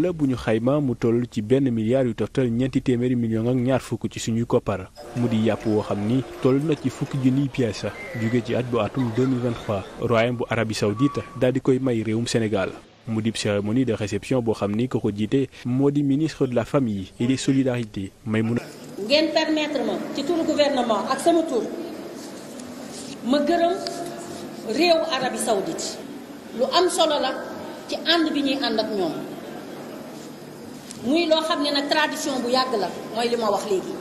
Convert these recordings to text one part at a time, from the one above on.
la bu ñu xayma mu toll ci benn milliard yu toftal ñeenti téeméeri million ak ñaar fukk ci suñuy koppar mu di yàpp woo xam ni toll na ci fukki junniy pièces jóge ci at bu atum 2023 bu Arabie Saoudite daal di koy may réewum Sénégal. mu di cérémonie de réception boo xam ni ko ko jiite moo di ministre la famille et des solidarités Maïmouna. ngeen permettre ma ci turu gouvernement ak sama tur ma gërëm réewu Arabie Saoudite lu am solo la ci ànd muy loo xam ne nag tradition bu yàgg la mooy li ma wax léegi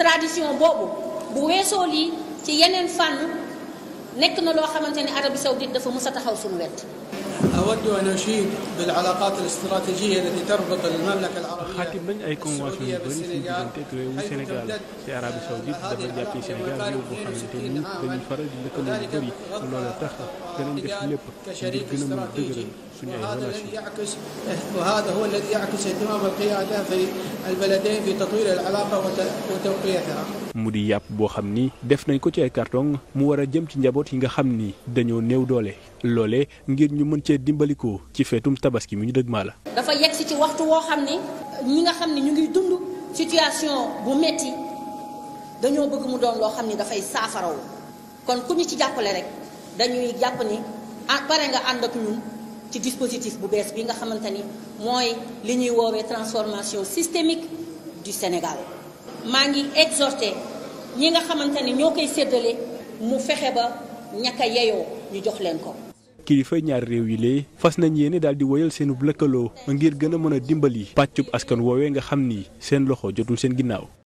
tradition boobu bu weesoo lii ci yeneen fànn nekk na loo xamante ne Arabie Saoudite dafa mës a taxaw suñu wet xaatim nañ ay convention yu bëri suñu diggante ak réewu Sénégal ci Arabie Saoudite dafa jàppee Sénégal réew xamante ni dañuy faral di lëkkaloo lu bëri loola tax danañ def lépp ngir gën a mën mu di yàpp boo xam ni def nañ ko ci ay carton mu war a jëm ci njaboot yi nga xam ni dañoo néew doole loole ngir ñu mën cee dimbalikoo ci feetum tabaski mi ñu maa la. dafa yegg ci waxtu woo xam ni ñi nga xam ni ñu ngi dund situation bu metti dañoo bëgg mu doon loo xam ni dafay saafarawu kon ku ñu ci jàppale rek dañuy jàpp ni ah pare nga ànd ak ñun. ci dispositif bu bees bi nga xamante ni mooy li ñuy woowee transformation systémique du Sénégal maa ngi exhorté ñi nga xamante ñoo koy séddale mu fexe ba ñàkk a ñu jox leen ko. kilifa ñaar réew yi lee fas nañ yéene daal di woyal seenub lëkkaloo ngir gën a mën a dimbali pàccu askan woowee nga xam ni seen loxo jotul seen ginnaaw.